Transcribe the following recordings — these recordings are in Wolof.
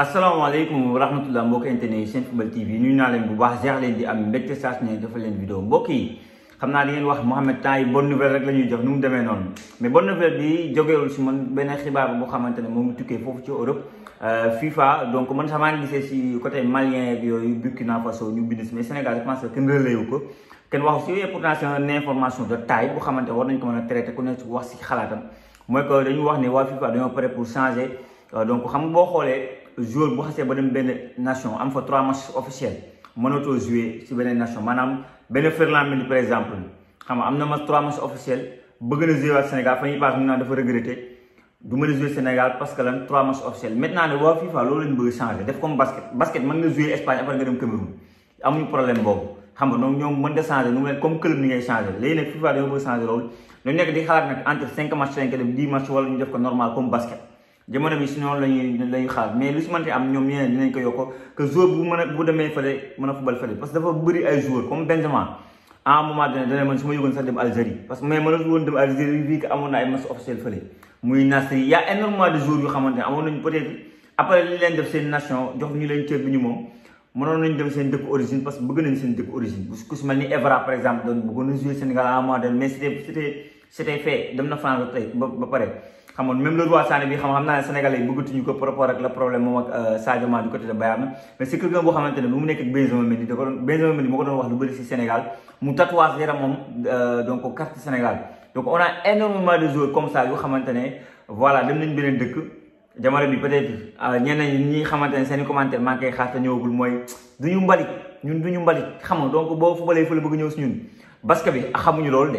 asalaamaaleykum wa rahmatulah mbokk internet yi seen football TV nuyu naa leen bu baax jeex leen di am mbégte saa su dafa leen vidéo mbokk yi xam naa ngeen wax Mouhamed temps yi bonne la ñuy jox nu mu demee noonu mais bonne nouvelle bi jógewul si man benn xibaar boo xamante ne moo ngi tukkee foofu ci Europe euh, FIFA donc man sax maa ngi gisee si côté malien ak yooyu Burkina Faso ñu bind si mais Sénégal je pense que kenn kenn waxu si yooyu pourtant de taille boo xamante war nañ ko mën ku nekk wax si xalaatam mooy que dañu wax ne waa FIFA dañoo pare pour changer euh, donc xam boo xoolee joueur bu xasee ba dem benn nation am fa trois matchs officiels mënatoo jouer ci beneen nation maanaam benn Ferland Mendy par exemple xam am na match trois matchs officiels bëgg na jouer waat Sénégal fa ñuy paas mu a jouer Sénégal parce que lan trois matchs officiels maintenant ne waa FIFA loolu lañ bëgg nga jouer Espagne après mu nekk di xalaat nag entre cinq matchs cinq dem dix matchs ñu def ko normal comme basket jamono bi si noonu lañuy lañuy xaar mais lu si mënti am ñoom ñeneen dinañ ko yokk que joueur bu mën a bu demee fële mën a fubal fële parce que dafa bëri ay joueur comme Benzema à un moment donné dana man su ma yëgoon sax dem Algérie parce que mais mënatu woon dem Algérie fii que amoon na ay match officiel fële muy Nasri y a énormément de joueurs yu xamante ne amoon nañ peut-être après li leen def seen nation jox ñu leen cër bi ñu moom mënoon nañ dem seen dëkk origine parce que bëgg nañ seen dëkk origine ku si mel ni Evra par exemple doon bëggoon na jouer Sénégal à un moment donné mais c'était c'était c'était fait dem na France ba tey ba pare xamoon même le roi Sané bi xam xam naa ne sénégalais yi bëggatuñu ko par rapport ak problème moom ak euh, Sadio Mané du côté mu nekk ak si Sénégal mu tatouage yaram moom euh, donc carte Sénégal donc on a énormément de joueurs comme ça yu xamante voilà dem nañ beneen dëkk jamono bi peut-être euh, ñeneen ñi xamante ne seen i commentaire maa ngi koy xaar te ñëwagul mooy du ñu mbalit ñun du ñu mbalit xam donc boo fubalee fële bëgg ñëw si ñun basket bi xamuñu loolu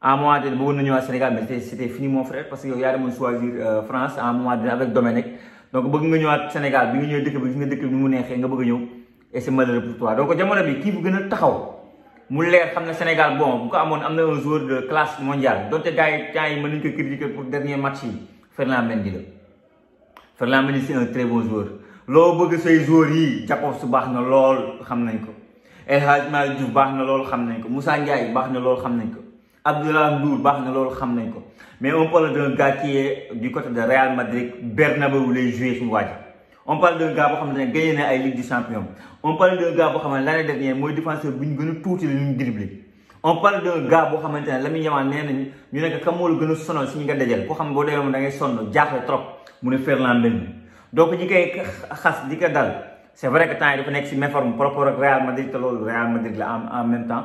à un de donné bëggoon nañu ñëwaat Sénégal mais fini mon frère parce que yow yaa mon choisir euh, France à un de avec Dominique. donc bëgg nga ñëwaat Sénégal bi nga ñëwee dëkk bi gis nga dëkk bi ni mu neexee nga bëgg a ñëw et c' est malheureux pour toi donc jamono bi kii bu gën a taxaw mu leer xam ne Sénégal bon bu ko amoon am na un joueur de classe mondiale donte gars yi temps yi mën critiquer pour dernier match yi Mendy la Mendy c' un très bon joueur loo bëgg say joueurs yi Jakobs baax na lool xam nañ ko El Hadji Malick Diouf baax na lool xam nañ ko Moussa Ndiaye baax lool xam nañ ko Abdullah Ndour baax na loolu xam nañ ko mais on parle d'un gars qui est du côté de Real Madrid Bernabeu lay joué suñu waa on parle d'un gars boo xamante gagné na ay Ligue des Champions on parle d'un gars boo xamante l'année dernière mooy défenseur bu ñu gën ñu dribblé on parle d'un gars boo xamante ne la muy ñu nekk kam moo la gën sonal nga dajal xam da ngay trop mu ne Ferland Mendy donc ñi di ko dal c'est vrai que temps yi méforme Real Madrid te Real Madrid la am en même temps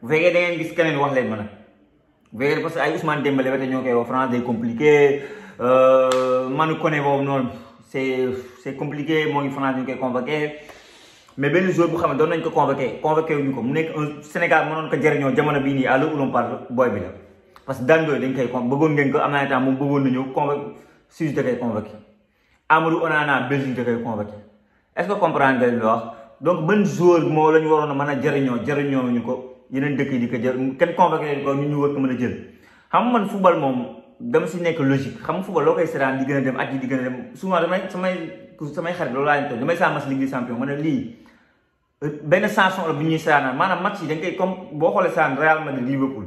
vous avez des gens gis keneen wax leen ma parce que ay Ousmane Dembélé France compliqué Manu Koné C'est compliqué moi ngi France vous convoqué mais ben jour bu xam vous convoqué convoqué wuñu ko mu Au Sénégal vous ko convoqué. jamono convoqué. parce que daan vous dañ koy bëggoon ngeen ko temps bëggoon convoqué Amadou Onana convoqué est ce que vous comprenez donc ben jour moo la ñu waroon yeneen dëkk yi di ko jël kenn convoqué leen ñu wër ko mën a jël xam man football moom dama si nekk logique xam football loo koy seetaan di gën a dem at yi di gën a dem souvent damay saa match Ligue des ne lii benn chanson la bu ñuy seetaan maanaam match yi dañ koy comme boo xoolee seetaan Real Madrid Liverpool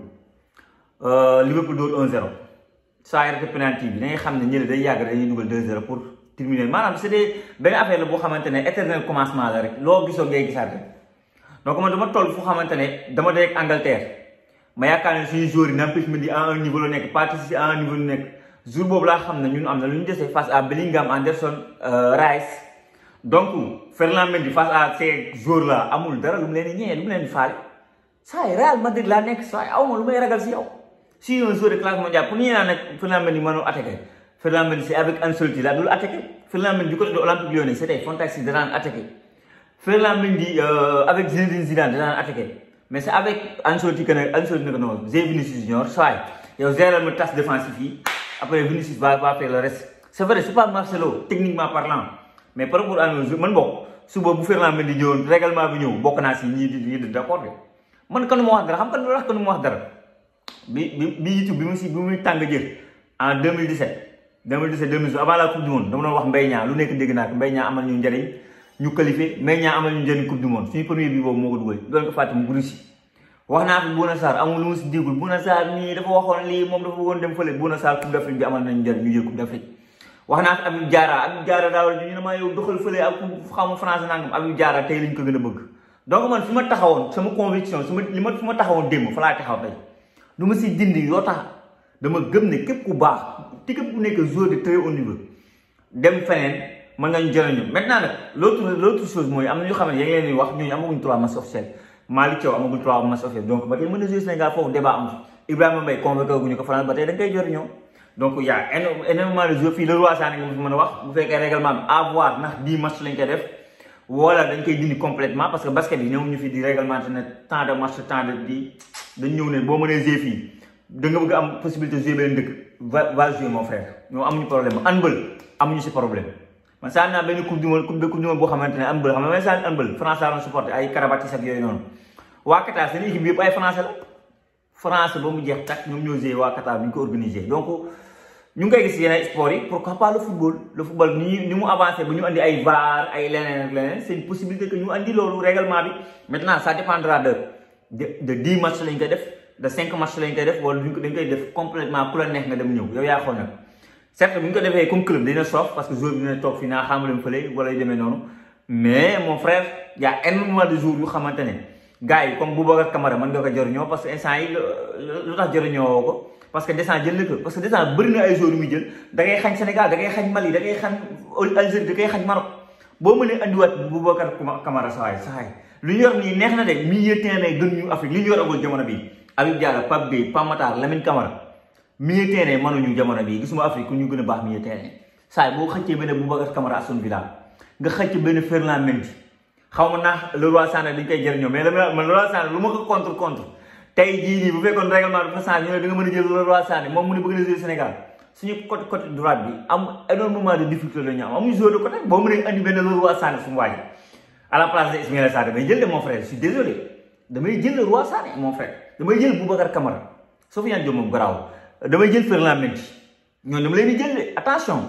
euh, Liverpool bi da xam ne ñële day yàgg dañuy dugal 2-0 pour terminer maanaam c'est des benn affaire la boo xamante ne éternel commencement la rek loo gisoo ngay gisaat rek donc man dama toll fu xamante ne dama dee ak Angleterre ma yaakaar ne suñu joueurs yi Nampalys Mendy à un niveau la nekk Pathé Ciss à niveau nekk jour boobu laa xam ne ñun am na lu ñu dese face à Bellingham Anderson euh, Rice donc Ferland Mendy face à ces joueurs là amul dara lu mu leen di ñëwee lu mu leen di faale saa yi Real Madrid laa nekk saa yi aw ma lu may ragal si yow si un joueur de classe mondiale pour ñu naan nag Ferland Mendy mënul attaqué Ferland Mendy c'est Ferland Mendy euh, avec Zinedine Zidane danaan attaqué mais c'est avec Ancelotti que ne Ancelotti ne ko noonu Vinicius Junior soit yow ya, gérer ma tasse défensive yi après ya, Vinicius va va faire le reste c'est vrai ya, c'est pas Marcelo techniquement parlant mais par rapport à nous man bokk suba bu Ferland Mendy ñëwoon règlement bi ñëw bokk naa si ñii di ñii di d'accord man kanu ma wax dara xam kan lu tax kanu wax dara bi bi bi yitu bi mu si bi muy tàng jël en 2017 2017 2018 avant la coupe du monde dama doon wax Mbaye Niang lu nekk dégg naa ko Mbaye amal ñu njëriñ ñu qualifié mais ñaa amal ñu njëriñ coupe du monde suñu premier bi boobu moo ko dugal doon ko fàtte mu guddi wax naa ko Bouna Sarr amul lu mu si déggul Bouna Sarr nii dafa waxoon lii moom dafa bëggoon dem wax naa ko Habib Diarra Habib Diarra daawal ñu ne maa yow doxal fële ak xamu tey lañ ko gën a bëgg donc man fi ma taxawoon sama conviction su ma li ma fi ma taxawoon démb fa laa taxaw tey lu ma si dindi yoo tax dama gëm ne képp ku baax te képp ku nekk joueur de très haut niveau dem feneen mën nañu jëriñu maintenant nag l'autre l'autre chose mooy am na ñu xam ne yaa ngi wax ñooñu y' a wax bu fekkee règlement bi à voir ndax dañ koy dindi complètement parce que basket bi ñëw ñu fi di réglementé ne temps de match temps de di dañ ñëw ne boo mënee jouer fii amuñu problème handball amuñu si problème man saan naa benn coupe du monde coupe du monde boo xamante ne handball xam nga man mu jeex tak ñoom ñoo joué ñu ko gis yeneen sport yi pourquoi pas le football le mu avancé ba ñu andi ay VAR ay leneen ak leneen c'est une possibilité que ñu andi loolu règlement bi maintenant de de dix matchs koy def de cinq matchs lañ koy def wala dañ def complètement ku la neex nga dem ñëw yow yaa xool nag certes bu ñu ko defee comme club dina soof parce que joueur bi dina toog fii naa xamu fële wala yu demee noonu mais mon frère y' a énormément de jours yu xamante ne gars yi comme Boubacar Kamara mën nga ko jëriñoo parce que instant yi lu parce que descente jël na parce que descente bëri na ay jours yu muy jël da ngay xañ Sénégal da ngay xañ Mali da ngay xañ Algérie da ngay xañ Maroc boo mënee andiwaat Boubacar Kamara sawaay sawaay lu ñu yor nii neex na de milieu terrain gën ñu Afrique li ñu yor agul jamono bi milieu terrain mënuñu jamono bi gisuma afrique ñu gëna baax milieu terrain say bo xëccé ben boubacar camara aston villa nga xëccé ben ferland mendy xawma na le roi sané dañ koy jëriñu mais man le roi sané luma ko contre contre tay ji ni bu fekkon règlement dafa sané ñu da nga mëna jël le roi sané mom mu ne bëgg na jël sénégal suñu côté côté droite bi am énormément de difficulté lañu am amuñu joueur de côté bo mëna andi ben le roi sané fu mu waji à la place de Ismaël Sarr jël de mon frère je suis désolé damay jël le roi Sarr mon frère damay jël Sofiane Diom mom damay jël Ferland ñoom dama leen di jël de attention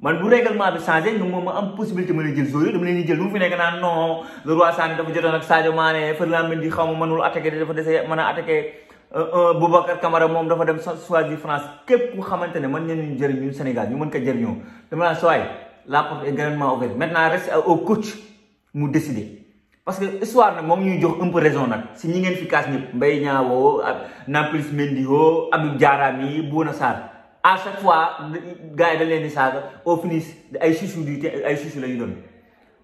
man bu règlement bi changé ñoom moom ma am possibilité ma leen jël sooyu mu fi nekk naan non le a Sané dafa jotoon ak Sadio Mané Ferland Mendy xaw ma mënul attaqué dafa dese man a attaqué euh, euh, Boubacar Camara moom dafa dem choisir France képp ku xamante ne mën nañu jëriñ ñun Sénégal ñu mën ko jëriñoo dama naan sooy la porte est grandement ouverte maintenant reste au coach mu décider. parce que histoire nag moom ñuy jox un peu raison nag si ñi ngeen fi kaas ñëpp Mbaye Niang ak Nampalys Mendy Abdou Diarra mi Bouna Sarr à chaque fois gars yi dañ leen di saaga au finish ay susu du ay la ñu doon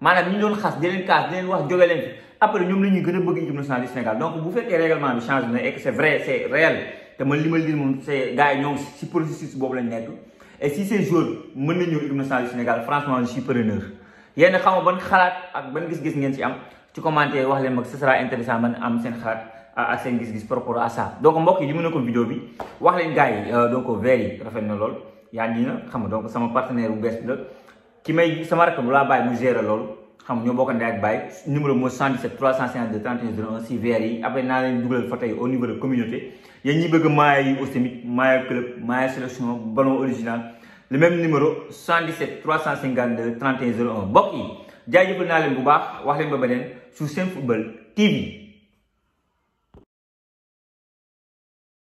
maanaam ñu doon xas di leen kaas di leen wax jóge leen fi après ñoom la ñuy gën a bëgg équipe nationale du Sénégal donc bu fekkee règlement bi changé na et moom c' est ñoom si processus boobu lañ nekk et si ces jours mën nañu équipe nationale du Sénégal franchement je suis preneur yéen xam nga ban xalaat ak ban gis-gis ngeen si am. ci commenter wax leen mag ce sera intéressant man am seen xalaat ak seen gis-gis par rapport à ça donc mbokk yi li mu vidéo bi wax leen gars yi donc verre yi rafet na lool yaa ngi na xam donc sama partenaire bu bees bi la ki may sama rakk bu laa bàyyi mu gérer loolu xam ñoo bokk ndey ak bàyyi numéro moo 117 352 31 si very yi après naa leen dugalal fa tey au niveau de communauté yéen ya, ñi bëgg maaya yi aussi tamit maaya club maaya sélection ballon original le même numéro 117 352 31 01 mbokk yi jaajëfal naa leen bu baax wax leen ba beneen suitable TV.